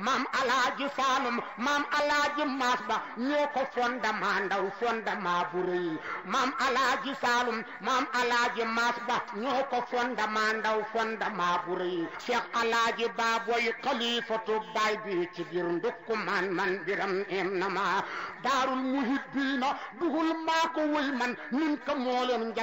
maam alaaji saalum maam alaaji maas ba ñoo ko fondement ndaw fondement bu maam alaaji saalum maam alaaji maas ba ñoo ko fondement ndaw fondement bu rëy alaaji baaboy xalifatu baay bi ci biir ndukku man man biram em ma daarul muhibbiina dugul maa ko wëy man nin ka moo leen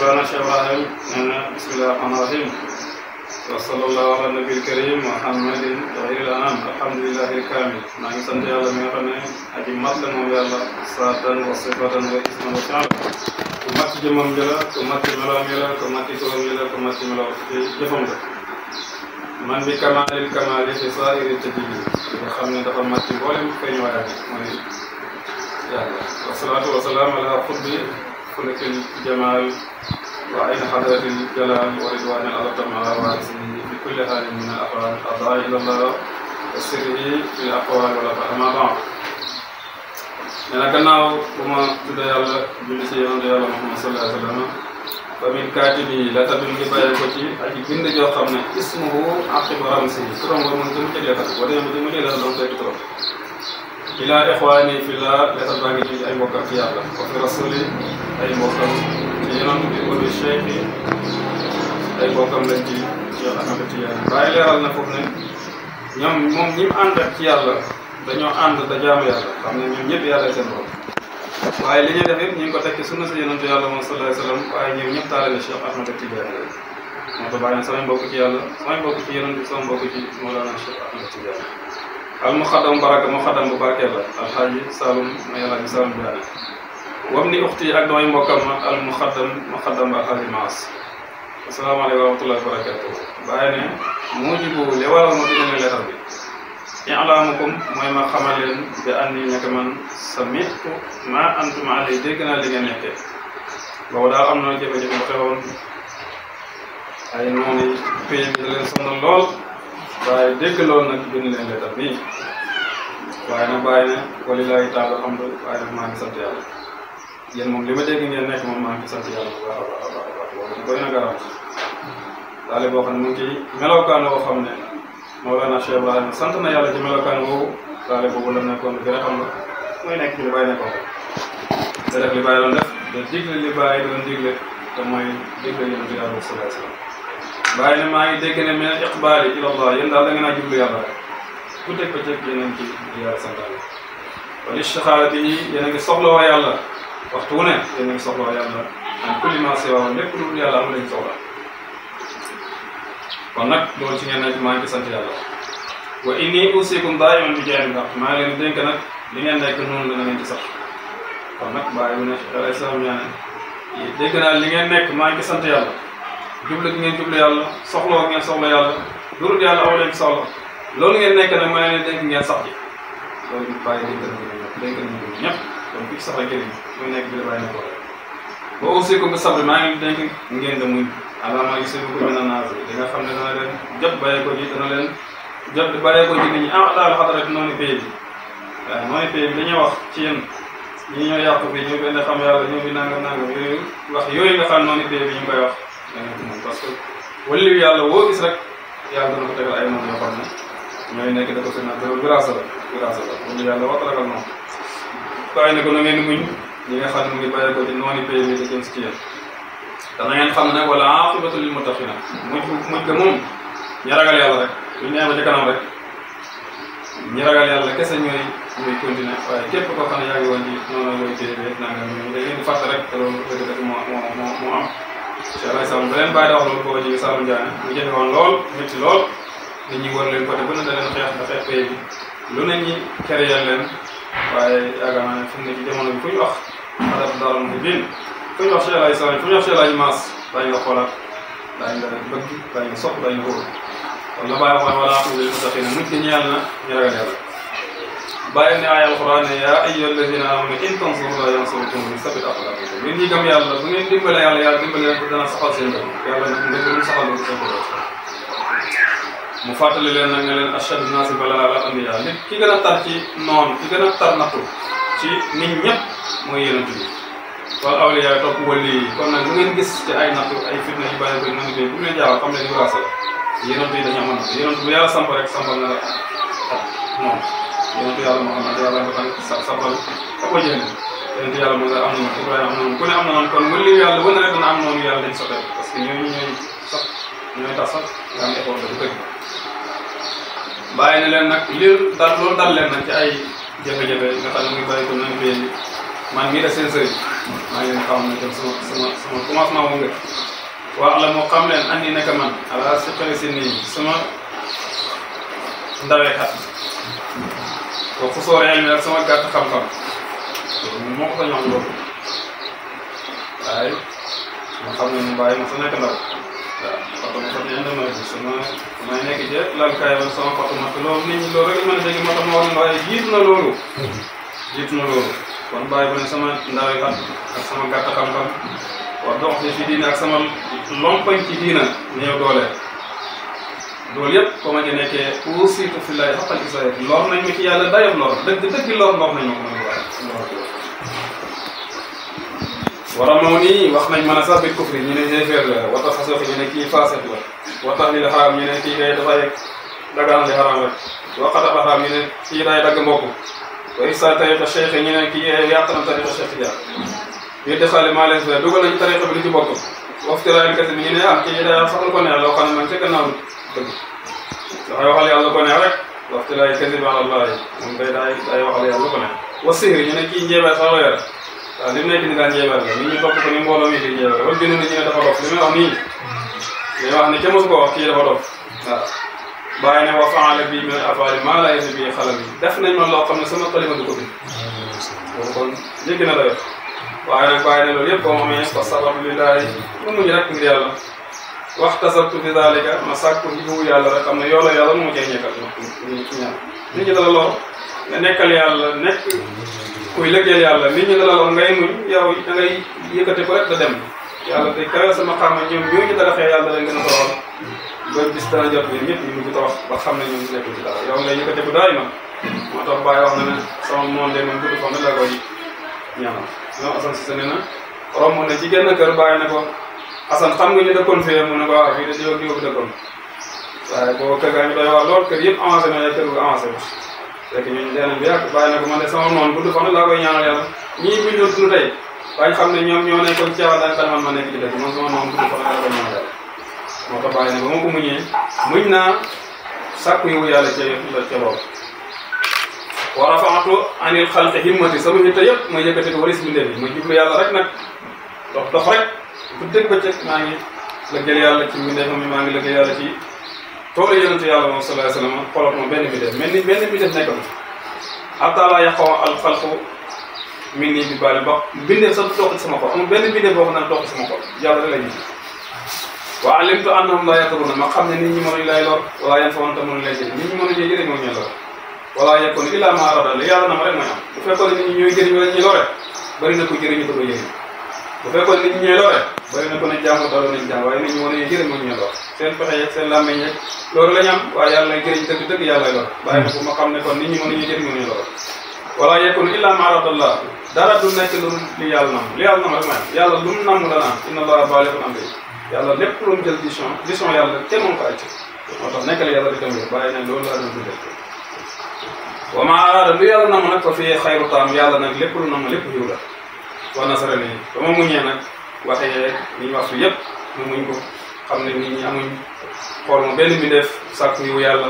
مولانا شيخ ابراهيم بسم الله الرحمن الرحيم وصلى الله على النبي الكريم محمد غير الانام الحمد لله الكامل ناقصا دي على ميقنا اجمت لنا يا الله صفاتا وصفاتا واسما وشعبا كمات جمم جلا كمات ملا ملا كمات تولم جلا كمات ملا جفم man bi kamaalil kamaali fi saa'iri tajliil nga xam ne dafa màcc mboolem feeñ waaye mooy والصلاة والسلام على حب فلك الجمال وعين حضرة الجلال ورضوان الله تعالى وعزمه في كل حال من الأفعال أضع إلى الله وسره في الأقوال والأفعال مع بعض أنا كناو كما تدعي الله بمسيح يوم دعي الله محمد صلى الله عليه وسلم فمن كاتبه لا تبين لي بايع كوتي أي بند جو خمني اسمه أخي برامسي كرام ورمان تمتلي أخي ورمان تمتلي أخي ورمان تمتلي أخي الى اخواني في الله leetar baa اي nii في الله وفي رسولي اي fi في الله mbokkam ci yonent bi wa fi cheikhi ay mbokkam lañ ci Cheikh Ahmed Tidiane bàyyi leeral na foofu ne ñoom moom ñi mu ànd ci yàlla dañoo ànd da jaamu yàlla xam ne ñoom ñëpp yàlla seen bopp waaye li ñuy def it ñu ngi ko teg ci sunna si yonentu yàlla moom sallallahu alayhi wa sallam waaye ñoom ñëpp taale na Cheikh Ahmed Tidiane moo tax bàyyi na samay mbokk ci yàlla samay mbokk ci yonent sama mbokk ci Mawlana Cheikh Ahmed Tidiane al muxaddam baraka muxaddam la alxaaji Saloum ma yàlla bi Saloum Diané wam ni uxti ak damay mbokkam ma al muxaddam muxaddam alxaaji Maas asalaamaaleykum wa rahmatullahi wa barakatuh bàyyi ne jibu li waral ma bindee leetar bi ilaamukum mooy ma xamal leen bi anni nekk man samitu ma antum alay dégg naa li nga nekkee boobu daal am na bu xewoon ay noonu pays bi da leen sonal déggaloo nag bi ñu leen leetal nii waaye nag bàyyi ne walilahi taala alhamdu waaye nag maa ngi sant yàlla yéen moom li ma dégg ngeen nekk moom maa ngi sant yàlla bu baax a baax a baax loolu moom doy na garab daale boo xam ne mu ngi ci melokaan woo xam ne Mawlana Cheikh Ibrahima sant na yàlla ci melokaan woowu daale boobu la nekkoon gën a xam la mooy nekk ci li bàyyi nekkoon te def li bàyyi doon def da digle li bàyyi doon digle te mooy digle yéen bi daal sallallahu alayhi wa sallam waaye ne maa ngi dégg ne min al iqbaali ila allah yéen daal da ngeen a jublu yàlla rek ku teg ko ceeb yéen a ngi ci yàlla santaane wala istixaara bi yéen a ngi soxlawoo yàlla waxtu wu ne yéen a ngi soxlawoo yàlla an kulli ma siwaa lépp lu dul yàlla am lañ soxla kon nag loolu ci ngeen nekk maa ngi ci sant yàlla wa inni usikum daayiman bi jaay ndax maa ngi leen dénk nag li ngeen nekk noonu dana ngeen ci sax kon nag bàyyi bu ne xel ay sama ñaane dégg naa li ngeen nekk maa ngi ci sant yàlla jublu gi ngeen jublu yàlla soxla ngeen soxla yàlla loolu loolu ngeen nekk na mooy leen dénk ngeen sax ji loolu bàyyi dénk nekk bi la bàyyi na ko boo aussi ko nga sabri maa ngi dénk ngeen da muñ alama gis bu ko mën a naas li xam ne dana leen jot bàyyi ko ji dana leen jot di bàyyi ko ji nit ñi ah daal xadara bi noonu pay bi waaw noonu pay bi dañuy wax ci yéen ñi ñoo yàqu bi ñoo benn xam yàlla ñoo bi nangam nangam yooyu wax yooyu nga xam noonu pay bi ñu koy wax dana parce que waliyu yàlla woo gis rek yàlla dana ko tegal ay moom yoo xam ne ñooy nekk da ko seen la grâce la waliyu yàlla waxtalagal moom ngeen muñ ñi nga xam ne mu noonu ngeen xam ne ragal yàlla rek ñu nee ba ca rek ñi ragal yàlla kese ñooy ñooy continuer waaye képp koo xam ne yaa ngi woon rek te loolu dëgg-dëgg moo moo am Cheikh Aliou Sall ba leen bàyyi wax loolu boo jógee Saalum Diané mu jafe woon lool métti lool nit ñi war leen côté bu ne da leen xeex da xeex pay bi lu ne ñi kere yal leen waaye yaakaar naa ne fi mu ne ci fu ñu wax xadab daarum bi biin fu ñu wax Cheikh Aliou Sall fu ñu wax Cheikh Aliou Mass daañu la xoolaat daañu la bëgg daañu la sopp daañu la wóor kon la bàyyi waxoon wala ne mutaqina mujj ñeel na ñu ragal yàlla bàyyi ne ay alquran ne yaa ayyuha alladina amanu in tansurullaha yansurkum wa yusabbit aqdamakum yéen ñi gëm yàlla bu ngeen dimbale yàlla yàlla dimbale leen ko dana saxal seen bopp yàlla ndimbalul saxal leen seen bopp mu fàttali leen nag ne leen ashadu naasi balaa al anbiyaa nit ki gën a tar ci noonu ki gën a tar nattu ci nit ñëpp mooy yonent bi wal awliyaa topp wali yi kon nag bu ngeen gis ci ay nattu ay fitna yu bàyyi ko na ngi dee bu leen jaaw xam ne ni waase yonent yi dañu amoon yonent bu yàlla samp rek sampal na la moom yonentu yàlla Muhammad yàlla dafa sa safal sa ko jënd yonentu yàlla Moussa am na Ibrahima am na ku ne am na noonu kon wële yàlla wële rek na am noonu yàlla dañ sotee parce que ñooñu ñooy sax ñooy tax sax nga am effort dafa dëgg bàyyi na leen nag li dal loolu dal leen nag ci ay jafe-jafe yi nga xam ne muy bàyyi ko nañ bee man mii da seen sëriñ maa ngi leen xaw na dem sama sama sama commencement wu nga wax la moo xam leen andi naka man ala si xëy si nii sama ndawee xat wa xusóor ak sama gàtt xam-xam loolu moo ko sañoon loolu waaye ma xam ne mu bàyyi ma sa nekk ndaw waaw Fatma Fatou Ndiaye dama gis sama may nekk ca Lankaay wala sama Fatma loolu nit ñi loolu rek la mën a dégg moo tax ma wax na loolu. jiitu na loolu kon bàyyi ba ne sama ndaw yi ak sama gàtt xam-xam wax dox ci diina ak sama lompañ ci diina néew doole. loolu yëpp ko ma ci nekkee usiikum fillaahi haqqal wisaayati lor nañ ma ci yàlla dayab lor dëgg dëgg lor lor nañ ma ko mën waaye wara moo nii wax nañ mën a sax bi kufri ñu ne xéeféer la wata xasooxi ñu ne kii faasix la wata li la xaraam ñu ne kii day dafa yegg dagaan li xaraam rek waxata xaraam ñu ne kii day dagg mbokk wa ifsa tariqa cheikh ñu ne kii yàq na tariqa cheikh ja yéen defaale maa leen dugal nañ tariqa bi lu ci bokk waxtu raayal kat ñu ne ah kii day saxal ko neex loo xam ne man ca gannaaw dëgg dafay waxal yàlla ko neex rek waxtilaayu kasib ala allahi moom day daay day waxal yàlla ko neex wa sihri ñu ne kii njeebeer sax la yore waaw li mu nekk ni daan njeebeer la nit ñi topp ko ni mbooloo mi di njeebeer wala gënu ñu ne dafa dof li may wax nii day wax ne ca mosu ko wax kii dafa dof waaw bàyyi ne wa faala bi min afaali maa laa yësi bi xalam yi def nañ ma loo xam ne sama xalima du ko bind loolu kon jéggi na la yor waaye nag bàyyi ne loolu yëpp boo ma amee ko sabab lillahi mu muñ rek ngir yàlla waxtasabtu bi dalika ma sàkku njiwu yàlla rek xam ne yow la yàlla moo cay nekkal ñu ci ñaan nit ñi dala nga nekkal yàlla nekk kuy lëggeel yàlla nit ñi dala lor ngay muñ yow da yëkkati ko rek dem yàlla day kawe sama xaama ñoom ñooñu dara xëy yàlla dana gën a toroon ba bis dana jot ñun ñëpp ñu ba xam ne ñu nekkul ci dara yow ngay yëkkati ko daay ma moo tax bàyyi wax ne sama moom de moom gudd fan la koy ñaanal ñoom asan si sa ne na romb na ci Assane xam nga ñu dëkkoon fee mu ne ko waaw ah, waaye boo kër ga ñu doy waar lool kër yëpp avancé na kër gu bàyyi na ko man de sama noonu gudd fan laa koy ñaanal yàlla ñii biñ doon dund tey bañ xam ne ñoom ñoo nekkoon ceewal dañ tax man nekk ci dëkk moom sama noonu gudd fan laa koy ñaanal yàlla moo tax bàyyi na ba ma ko muñee muñ naa sàkku yow yàlla ca la ca lool wa rafaatu anil xalqi himmati sama hitta yëpp ma yëkkati ko walis bi ndef yi ma jublu yàlla بدك بدك ماني لجيري الله كي مين ده مين ماني لجيري الله كي ثور يلنت يا الله صلى الله عليه وسلم فلوك ما بيني بيده مني بيني بيده نعم عبد الله يخو الخلف مني ببالي بق بيني صدق توك سمعك أم بيني بيده بقنا توك سمعك يا الله لي وعلمت أنهم لا يكرون ما قام نيني من إلا يلور ولا ينفون تمر لجيري نيني من لجيري من يلور ولا يكون إلا ما أراد لي الله نمر ما يام فكل نيني يجري من يلور بري نكو يجري من يلور فكل نيني يلور bari na ko ne jàmm daloo nañ jàmm waaye nit ñi wane jërë mënuñu wax seen pexe yeeg seen làmmiñ yeeg loolu la ñu am waaye yàlla jëriñ dëgg dëgg yàlla lor bàyyi na ko ma xam ne kon nit ñi mënuñu jërë mënuñu lor wala yekun illa ma aradallah dara du nekk lu li yàlla nam li yàlla nam rek maay yàlla lu mu nam la naan inna allaha baaligu amri yàlla lépp lu mu jël vision vision yàlla kenn moom ko acc moo tax yàlla di dëgg bàyyi ne loolu la doon dundee wa ma arada lu yàlla nam nag ko fi xayru taam yàlla nag lépp lu nam wa nasara nii waxee yeeg li ñu wax su yépp ñu muñ ko xam ne nit ñi amuñ xool ma benn mbindeef sàkku yiwu yàlla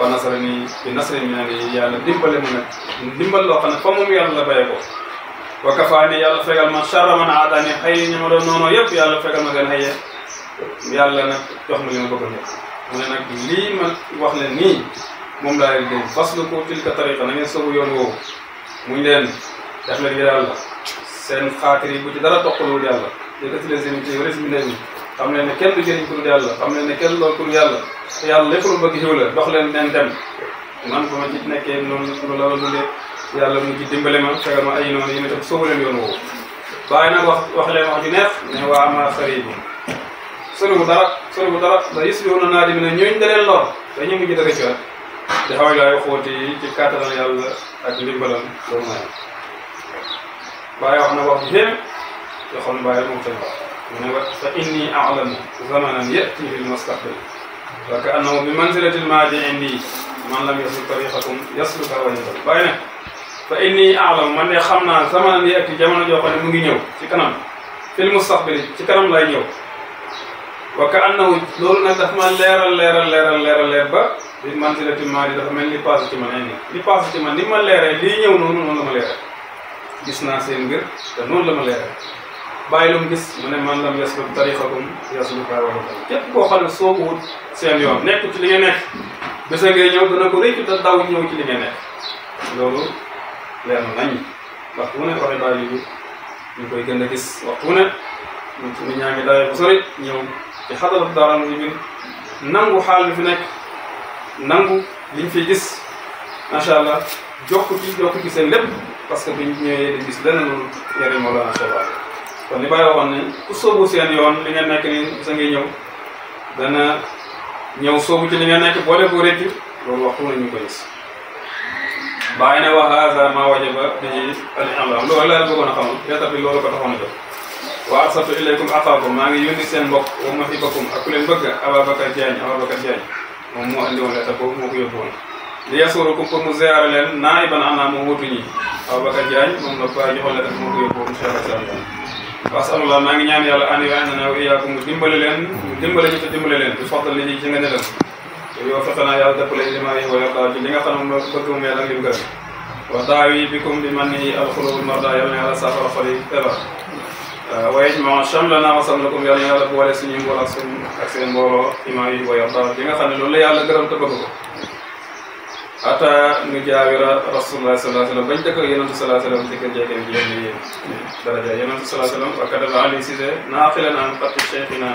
waa nasara ni bi nasara mi ne yàlla dimbale mu nag dimbal loo xam ne fa moom yàlla la bayee ko wa kafaani yàlla fegal ma charra man aadaani xëy ñu ma doon noonoo yépp yàlla fegal ma gën xëyee yàlla nag jox ma li ma bëggoon yëpp mu ne nag lii ma wax leen nii moom laa leen dénk fas lu ko tilka tariqa na ngeen soobu yoon woowu muñ leen def leen ngir yàlla seen xaatir yi bu ci dara toqalul yàlla yëkkati leen seen ci wala si mbindeef yi xam leen ne kenn du jëriñ xam leen ne kenn loolu pour yàlla te yàlla lépp lu bëgg xiw la dox leen neen dem bu ma ci nekkee noonu lu la de yàlla mu ci dimbale ma fegal ma ay noonu yi ma tam soofu leen yoon woowu bàyyi nag wax wax leen wax ju neex ne waa ama xarit bi soriwul dara soriwul dara da ba yow na naa di ne ñooñu da leen lor dañu mujj dëgg ci wet di xaw laay ci kàttanal yàlla ak ndimbalam loolu mooy bàyyi wax na wax jéem yoo xam ne bàyyi moo tënk mu ne wa fa inni alamu zamanan yatihi almustaqbal wa ka annahu bi manzilati almaadi indi man lam yasul tariqakum yasluka wa yasal bàyyi ne fa inni alamu man de xam naa zamanan yati jamono joo xam ne mu ngi ñëw ci kanam fi almustaqbali ci kanam lay ñëw wa ka annahu loolu nag daf ma leeral leeral leeral leeral leer ba bi manzilati almaadi dafa mel ni passé ci man indi li passé ci man ni ma leeree lii ñëw noonu noonu la ma leeree gis naa seen mbir te noonu la ma leeral bàyyi lu gis mu ne man lam yaslu tariqakum yaslu kaa wala tam képp koo xam ne soo wut seen yoon nekk ci li nga nekk bés a ngay dana ko réccu te daw ñëw koy gën a gis waxtu wu ne ñun suñu ñaa ngi daawee bu sori ñëw ci xadarat daaram nangu xaal fi nekk nangu liñ fi gis macha allah jokk ci jokk ci seen lépp parce que biñ ñëwee di gis leneen lu njëriñ Mawlana Cheikh Ibra kon li Baye waxoon ne ku soobu seen yoon li nga nekk ni sa ngay ñëw dana ñëw soobu ci li nga nekk boole ko rëcc loolu waxtu na ñu ko gis bàyyi ne wax hasard maa waje ba dañuy loolu laa bëggoon a xamal loolu ko taxoon a jóg wa arsatu ilaykum maa ngi yónni seen mbokk wa muhibbakum ak leen bëgg Ababacar Diagne Ababacar Diagne moom moo andi woon lettre moo ko yóbbu woon li yasurukum pour mu ziyaare leen naa Ababacar Diagne moom la quoi joxoon la def moo ko yóbbu incha allah. wasalaamualeykum maa ngi ñaan yàlla ànd yi ànd naa yaa ko mu dimbale leen mu dimbale ñu te dimbale leen li ñuy ci nga ne leen. te yow fexe naa yàlla dëppale li ma yëngu wala daaw ci li nga xam ne moom la bëgg wa daaw yi bi yi feebar. waaye wasam la comme yàlla na yàlla boole suñuy mbooloo ak suñu ak seen mbooloo imaam yi booy wax xam ne loolu la yàlla gërëm te ata nu jaawira rasulullah sallallahu alayhi wa sallam bañ dëkk ak yonentu sallallahu alayhi wa sallam ci ji yéen daraja yonentu sallallahu alayhi wa sallam wa kadaba ali sise naafila naan fatti cheikhina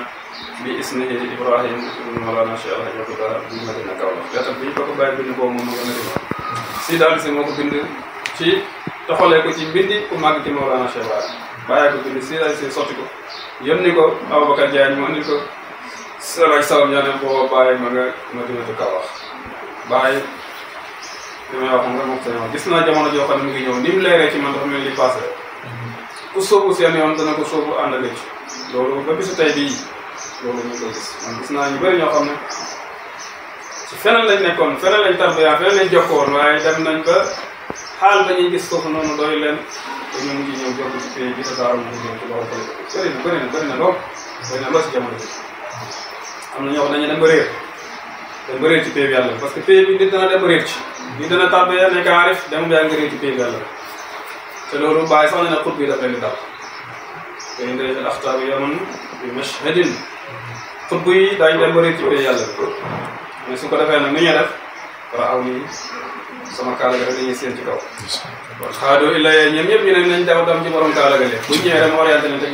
bi isnihi ibrahim ibn mawlana cheikh alhaji abdullah bu madina kaw la lettre bi ñu ko ko bàyyi bind boobu moom nga madina si daal si moo ko bind ci toxalee ko ci mbindi ku màgg ci mawlana cheikh baay bàyyi ko bind si daal sotti ko yónni ko Ababacar Diagne mu andil ko salaj salam yaane boo bàyyi kaw li may wax moom rek seen yoon gis naa jamono joo xam ne mu ngi ñëw ni mu leeree ci man dafa mel ni passé ku sóobu seen yoon dana ko sóobu ànd ak loolu ba bisu tey bii loolu ñu koy gis man gis naa ñu bëri ñoo xam ne nekkoon feneen lañ tarbiya feneen lañ jokkoon waaye dem nañ ba xaal ba ñuy gis foofu noonu doy leen te ñu ngi ñëw jokk ci pays bi tasaaroo ñu ngi ñëw ci loolu bëri na bëri na bëri na lool bëri na lool si jamono bi am na ñoo ne dañu dem ba réer dem ba réer ci pay bi yàlla parce que pay bi nit dana dem ba réer ci nit dana tàmbali yàlla nekk aarif dem yaa ngi réer ci pay bi yàlla te loolu bàyyi sax ne nag xut bi daf leen ko defee nag ni ñuy def war aw nii sama kaala ga rek dañuy seen ci kaw. kon xaado illa yee ñoom ñëpp ñu ne nañ ci borom kaala ga leen bu ñu ñëwee rek orienté nañ teg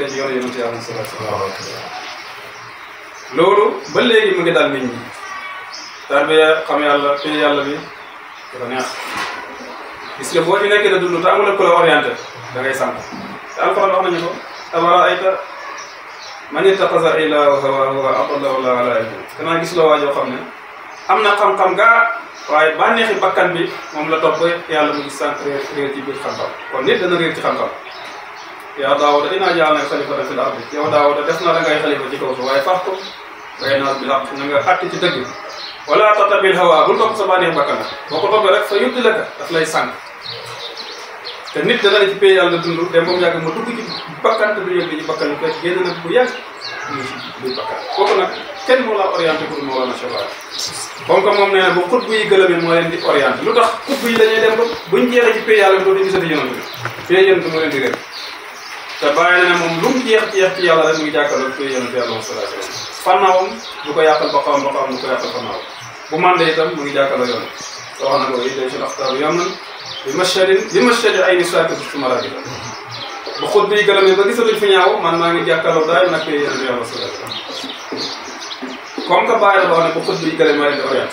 loolu ba léegi mu ngi dal nit ñi. tarbiya xam yàlla téye yàlla bi dafa neex gis nga boo ci nekkee ne amul ku la orienté da ngay sànq te alquran wax nañu ko abara ayta man ittaxaza ilaahu hawaahu wa adallahu llaahu alaa ilmin danaa gis la waajoo xam ne am na xam-xam gaa waaye bànneexi bakkan bi moom la topp yàlla mu gis sànq réer réer ci biir xam-xam kon nit dana réer ci xam-xam yaa daawuda innaa ja'alnaaka xalifatan fil ardi la ngay xalifa ci kaw su waaye fax ko bay naas bi laq na nga àtt ci dëgg wala tatabil hawa bu tok sa bànneex bakkan la boo ko rek fa yuddi la ka daf lay sang te nit da la ci pey yalla dundu dem bam yag yàgg ma dugg ci bakkan te du yëg ci bakkan ko génn na bu yag du muy bakkan kooku nag kenn moo laa orienté pour mo wala cheval comme que moom nee na bu xutbu yi gelebe mo len di orienter lutax tax xutbu yi dañuy dem ba buñ jeexee ci pey yalla do di gisati yonent bi pay yonent mo len di rek ta bàyyi na mom lu mu jeex jeex ci yalla rek mu ngi jàkkaarloo pay yonent yàlla moom salaatu fanawum du ko yakal ba xam ba xam du ko yakal fanawum bu màndee itam mu ngi jàkkaarloo yoon soo xam ne boobu day jël aftaar yoon nañ li mashadin li mashadi ay ni saakir su ma laaj ba xóot biy gërëmee ba gisatuñ fi ñaaw man maa ngi jàkkaarloo daay nag koy yéen yàlla sa comme que bàyyi la boo ne ba xóot biy gërëmee rek dafa yàq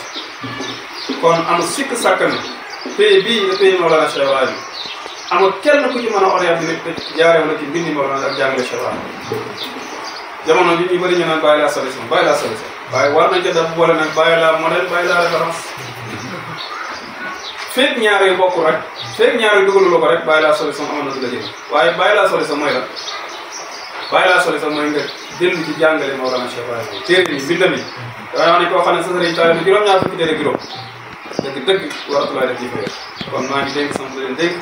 kon amul sikk sàkk na pay bii nga pay Mawlana Cheikh Ibrahim amul kenn ku ci mën a orienté nit te jaareew na ci mbindi Mawlana ak jàngale Cheikh Ibrahim jamono bi ñu bëri ñu naan bàyyi laa solution bàyyi laa solution waaye war nañ ko def boole nag bàyyi laa modèle bàyyi laa référence feeg ñaar yu bokkul rek feeg ñaar yu dugaluloo ko rek bàyyi laa solution amoon na du la jël waaye bàyyi laa solution mooy la bàyyi laa solution mooy nga dellu ci jàngale Mawlana Cheikh Ibrahima téere yi bindam yi dafay wax ne koo xam ne sa sëriñ taale bi juróom-ñaar fukki téere juróom dëgg dëgg waratulaa def jëfe kon maa ngi dénk sant leen dégg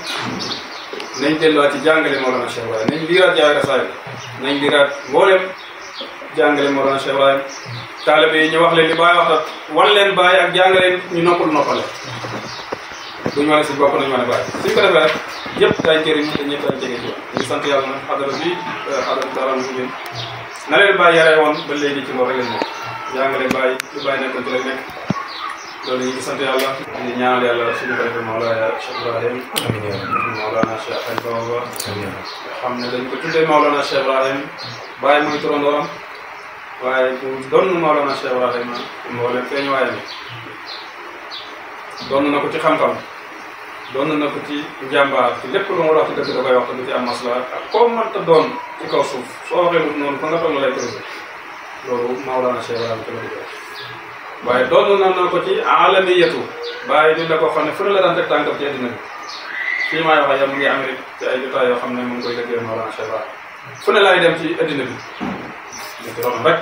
nañ delluwaat ci jàngale Mawlana Cheikh Ibrahima nañ liiraat jaay rasaay nañ liiraat mboolem jàngale Mawlana Cheikh Ibrahima taalibe yi ñu wax leen li bàyyi wax wan leen bàyyi ak jàngaleen ñu noppal noppale duñu wane si bopp nañu wane bàyyi suñ ko defee rek yëpp dañ jëriñ te ñëpp dañ jege ci ñu sant yàlla nag xadara bi euh, xadara daaram ñu ngeen na leen bàyyi yaree woon ba léegi ci loolu rek lañ nekk jàngale bàyyi lu bàyyi nekkoon ci rek nekk loolu ñu ngi sant yàlla di ñaanal yàlla suñu xalifa Mawlaaya Cheikh Ibrahim Mawlaana Cheikh Xalifa Baba xam ne dañ ko tuddee Mawlaana Cheikh Ibrahim bàyyi mooy turandoram waaye bu doon Mawlana Cheikh Ibrahima mboolem feeñ waaye bi doon na ko ci xam-xam doon na ko ci njàmbaar ci lépp lu ma wax ci dëgg da koy wax du ci am masla ak koo mënta doon loolu Mawlana Cheikh waaye doon na na ko ci alamiyatu bàyyi di la ko xam ne fu ne la daan teg tànkam ci àddina bi fii wax ak yow mu ngi Amérique ci ay jotaay yoo xam ne mu ngi koy liggéeyal Mawlana Cheikh Ibrahima fu ne laay dem ci àddina bi. gërëm rek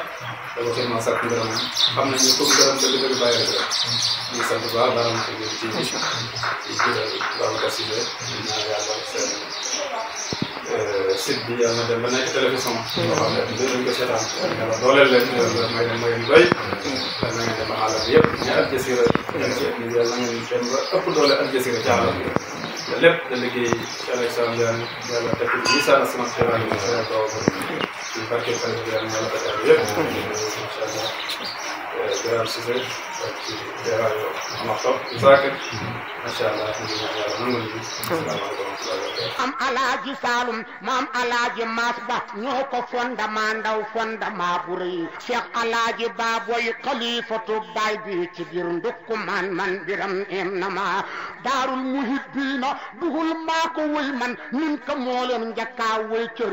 da ko seen sant gërëm xam nañ ne comme gërëm dëgg dëgg bàyyi rek ñu ngi sant bu baax baal ma ko jël ci émission bi di jël Babacar Cissé di ñaan yàlla seen euh, site bi yàlla na dem ba nekk télévision boo xam ne dinañ ko seetaan yàlla dooleel leen yàlla may leen may leen doy yàlla na ngeen dem àll bi yëpp ñu Al Jazeera yàlla na ngeen dem ba ëpp doole Al Jazeera ci àll bi lépp da liggéey Alexandre yàlla yàlla def ko lii sànni semence bi yàlla def ko ci barke fan bi yàlla yàlla def ko yëpp. incha allah Birame Cissé ak ci Birame Amathop Isaac. macha allah ñu ngi ñaan yàlla nangu nañu. am alaaji Saalum maam alaaji Maas Ba ñoo ko ndaw fondement bu rëy Cheikh alaaji Baaboy xalifatu baay bi ci ndukku man man biram em na daarul muhibbiina dugul maa ko man min ka moo leen njëkkaa wëy cër